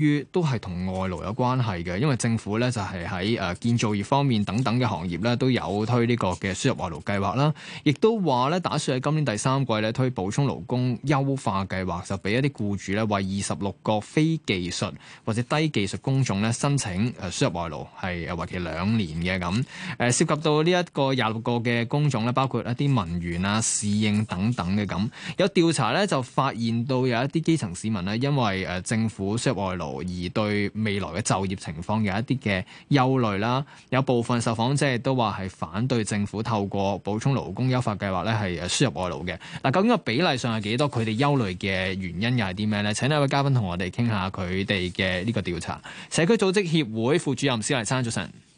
於都係同外勞有關係嘅，因為政府咧就係喺誒建造業方面等等嘅行業咧都有推呢個嘅輸入外勞計劃啦，亦都話咧打算喺今年第三季咧推補充勞工優化計劃，就俾一啲僱主咧為二十六個非技術或者低技術工種咧申請誒輸入外勞，係誒為期兩年嘅咁。誒涉及到呢一個廿六個嘅工種咧，包括一啲文員啊、侍應等等嘅咁。有調查咧就發現到有一啲基層市民咧因為誒政府輸入外勞，而對未來嘅就業情況有一啲嘅憂慮啦，有部分受訪者都話係反對政府透過補充勞工優化計劃咧係輸入外勞嘅。嗱，究竟個比例上係幾多？佢哋憂慮嘅原因又係啲咩咧？請一位嘉賓同我哋傾下佢哋嘅呢個調查。社區組織協會副主任施麗珊早晨。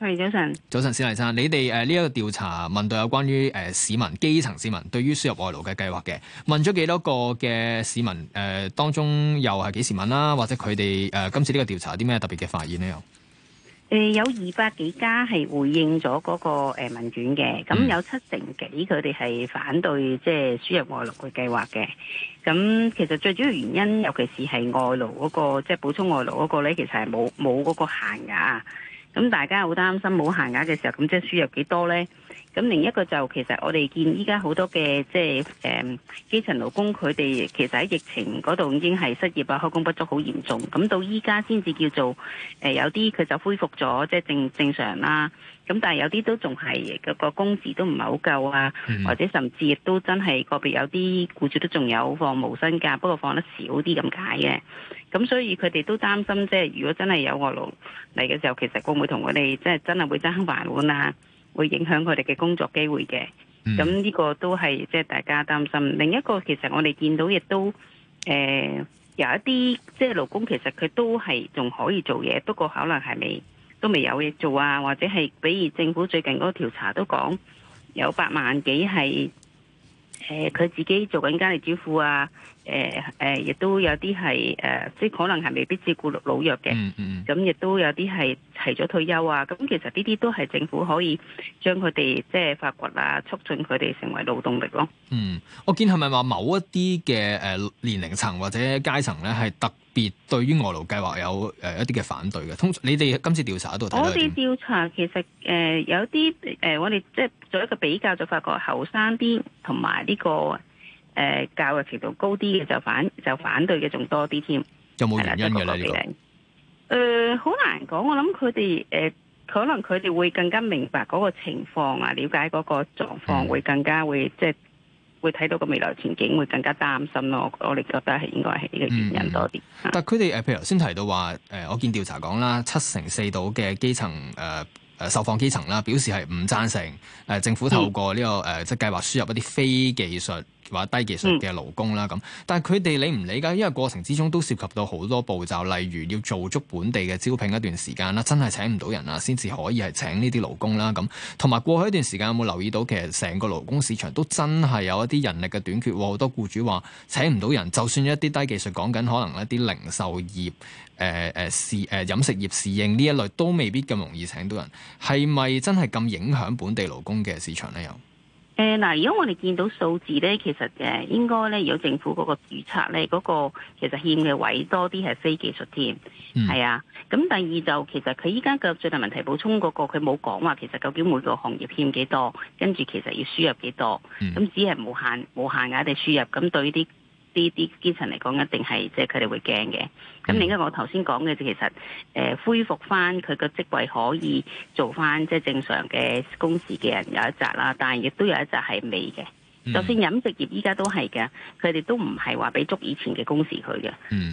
係早晨，早晨，施麗珊，你哋誒呢一個調查問到有關於誒市民基層市民對於輸入外勞嘅計劃嘅，問咗幾多個嘅市民誒、呃、當中又係幾時問啦？或者佢哋誒今次呢個調查有啲咩特別嘅發現呢？有誒、呃、有二百幾家係回應咗嗰個誒問卷嘅，咁有七成幾佢哋係反對即係輸入外勞嘅計劃嘅，咁其實最主要原因尤其是係外勞嗰、那個即係補充外勞嗰、那個咧，其實係冇冇嗰個限額。咁大家好擔心冇限額嘅時候，咁即係輸入幾多呢？咁另一個就係、其實我哋見依家好多嘅即係、嗯、基層勞工，佢哋其實喺疫情嗰度已經係失業啊、開工不足好嚴重。咁到依家先至叫做誒、呃、有啲佢就恢復咗，即係正正常啦、啊。咁但係有啲都仲係、嗰個工時都唔係好夠啊，或者甚至亦都真係個別有啲僱主都仲有放無薪假，不過放得少啲咁解嘅。咁所以佢哋都擔心，即係如果真係有外勞嚟嘅時候，其實會唔會同佢哋即係真係會爭飯碗啊？會影響佢哋嘅工作機會嘅。咁呢、嗯、個都係即係大家擔心。另一個其實我哋見到亦都誒、呃、有一啲即係勞工，其實佢都係仲可以做嘢，不過可能係未都未有嘢做啊，或者係比如政府最近嗰個調查都講有八萬幾係誒佢自己做緊家庭主婦啊。誒誒，亦，呃呃、都有啲係誒，即係可能係未必照顧老弱嘅，咁亦，嗯嗯、都有啲係提早退休啊。咁其實呢啲都係政府可以將佢哋即係發掘啊，促進佢哋成為勞動力咯。嗯，我見係咪話某一啲嘅誒年齡層或者階層咧，係特別對於外勞計劃有誒一啲嘅反對嘅？通常你哋今次調查喺度睇？我哋調查其實誒、呃、有啲誒、呃，我哋即係做一個比較就發覺後生啲同埋呢個。誒，教育、呃、程度高啲嘅就反就反對嘅，仲多啲添，有冇原因嘅、啊、咧？誒，好、這個呃、難講。我諗佢哋誒，可能佢哋會更加明白嗰個情況啊，了解嗰個狀況，會更加會、嗯、即係會睇到個未來前景，會更加擔心咯。我哋覺得係應該係呢個原因多啲、嗯嗯。但佢哋誒，譬如頭先提到話誒、呃，我見調查講啦，七成四度嘅基層誒誒，受訪基層啦，表示係唔贊成誒、呃，政府透過呢、這個誒、呃、即係計劃輸入一啲非技術。嗯或者低技術嘅勞工啦，咁、嗯、但係佢哋理唔理解，因為過程之中都涉及到好多步驟，例如要做足本地嘅招聘一段時間啦，真係請唔到人啊，先至可以係請呢啲勞工啦，咁同埋過去一段時間有冇留意到，其實成個勞工市場都真係有一啲人力嘅短缺，好多僱主話請唔到人，就算一啲低技術，講緊可能一啲零售業、誒誒侍誒飲食業侍應呢一類，都未必咁容易請到人，係咪真係咁影響本地勞工嘅市場咧？又？誒嗱，如果我哋見到數字咧，其實誒應該咧，如果政府嗰個預測咧，嗰、那個其實欠嘅位多啲係非技術添，係、嗯、啊。咁第二就其實佢依家嘅最大問題，補充嗰、那個佢冇講話，其實究竟每個行業欠幾多，跟住其實要輸入幾多，咁、嗯、只係無限無限額地輸入，咁對啲。呢啲基層嚟講，一定係即係佢哋會驚嘅。咁另外我頭先講嘅，其實誒、呃、恢復翻佢個職位可以做翻即係正常嘅公事嘅人有一集啦，但係亦都有一集係未嘅。Mm. 就算飲食業依家都係嘅，佢哋都唔係話俾足以前嘅工時佢嘅，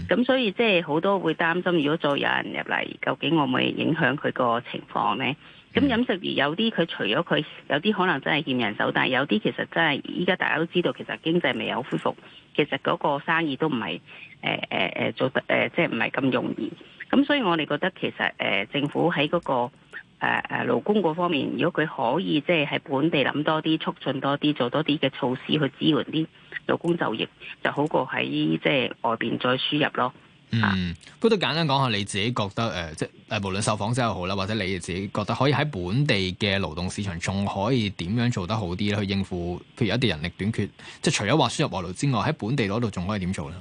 咁、mm. 所以即係好多會擔心，如果再有人入嚟，究竟會唔會影響佢個情況咧？咁飲食業有啲佢除咗佢有啲可能真係欠人手，但係有啲其實真係依家大家都知道，其實經濟未有恢復，其實嗰個生意都唔係誒誒誒做得誒、呃，即係唔係咁容易。咁所以我哋覺得其實誒、呃、政府喺嗰、嗰個。誒誒，勞工嗰方面，如果佢可以即係喺本地諗多啲，促進多啲，做多啲嘅措施去支援啲勞工就業，就好過喺即係外邊再輸入咯。嗯，都簡單講下你自己覺得誒、呃，即係誒、呃，無論受訪者又好啦，或者你自己覺得可以喺本地嘅勞動市場仲可以點樣做得好啲咧？去應付譬如一啲人力短缺，即係除咗話輸入外勞之外，喺本地嗰度仲可以點做咧？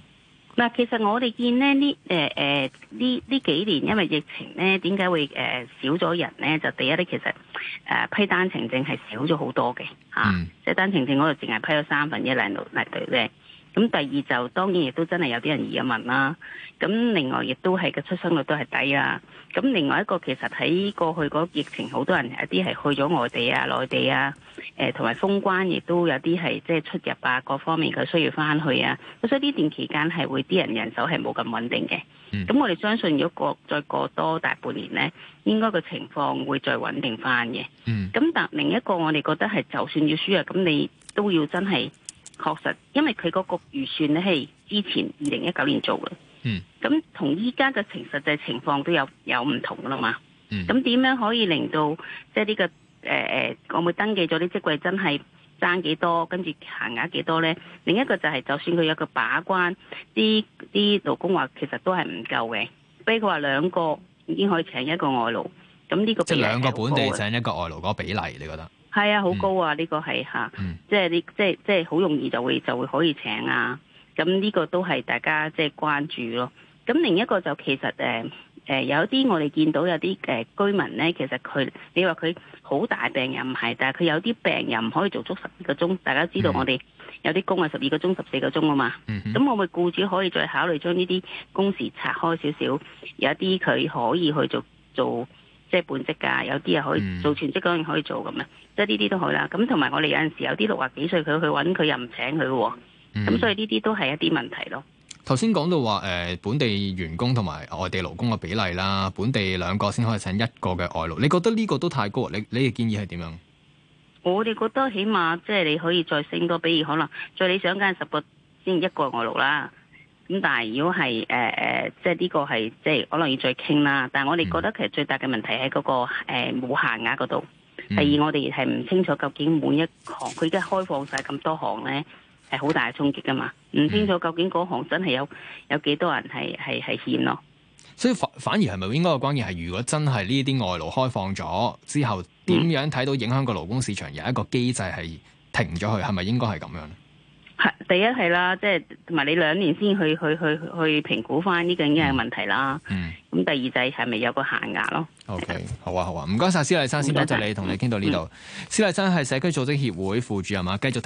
嗱，其實我哋見咧呢，誒誒呢呢幾年，因為疫情咧，點解會誒、呃、少咗人咧？就第一咧，其實誒、呃、批單程證係少咗好多嘅，嚇、啊，即、嗯、單程證嗰度淨係批咗三分一嚟到嚟對咧。咁第二就當然亦都真係有啲人移民啦，咁另外亦都係個出生率都係低啊，咁另外一個其實喺過去嗰疫情，好多人一啲係去咗外地啊、內地啊，誒同埋封關亦都有啲係即係出入啊各方面佢需要翻去啊，所以呢段期間係會啲人人手係冇咁穩定嘅。咁、嗯、我哋相信如果過再過多大半年呢，應該個情況會再穩定翻嘅。咁、嗯、但另一個我哋覺得係就算要輸入，咁你都要真係。確實，因為佢嗰個預算咧係之前二零一九年做嘅，咁同依家嘅情實際情況都有有唔同噶啦嘛。咁點、嗯、樣可以令到即係呢、這個誒誒、呃，我會登記咗啲職位，真係爭幾多，跟住限額幾多咧？另一個就係，就算佢有個把關，啲啲勞工話其實都係唔夠嘅，比如佢話兩個已經可以請一個外勞，咁呢個即係兩個本地請一個外勞嗰個比例，你覺得？係啊，好高啊！呢個係嚇，即係呢，即係即係好容易就會就會可以請啊。咁呢個都係大家即係、就是、關注咯。咁另一個就其實誒誒、呃、有啲我哋見到有啲誒居民呢，其實佢你話佢好大病又唔係，但係佢有啲病又唔可以做足十二個鐘。大家知道我哋有啲工係十二個鐘、十四個鐘啊嘛。咁、嗯嗯嗯、我咪僱主可以再考慮將呢啲工時拆開少少，有一啲佢可以去做做。即係本職㗎，有啲又可以做全職，當然可以做咁樣，即係呢啲都好啦。咁同埋我哋有陣時有啲六十幾歲，佢去揾佢又唔請佢喎，咁所以呢啲都係一啲問題咯。頭先講到話誒、呃、本地員工同埋外地勞工嘅比例啦，本地兩個先可以請一個嘅外勞，你覺得呢個都太高？你你嘅建議係點樣？我哋覺得起碼即係你可以再升多比，比如可能最理想間十個先一個外勞啦。咁但係如果係誒誒，即係呢個係即係可能要再傾啦。但係我哋覺得其實最大嘅問題喺嗰、嗰個冇、呃、限額嗰度。第二、嗯，我哋係唔清楚究竟每一行，佢而家開放晒咁多行咧，係好大嘅衝擊噶嘛？唔清楚究竟嗰行真係有有幾多人係係係欠咯。所以反反而係咪應該個關鍵係，如果真係呢啲外勞開放咗之後，點樣睇到影響個勞工市場，嗯、有一個機制係停咗佢，係咪應該係咁樣？第一係啦，即係同埋你兩年先去去去去評估翻呢個已經係問題啦，嗯。嗯，咁第二就係係咪有個限額咯？O K，好啊好啊，唔該晒施麗珊，先多謝你同你傾到呢度。嗯、施麗珊係社區組織協會副主任啊，繼續。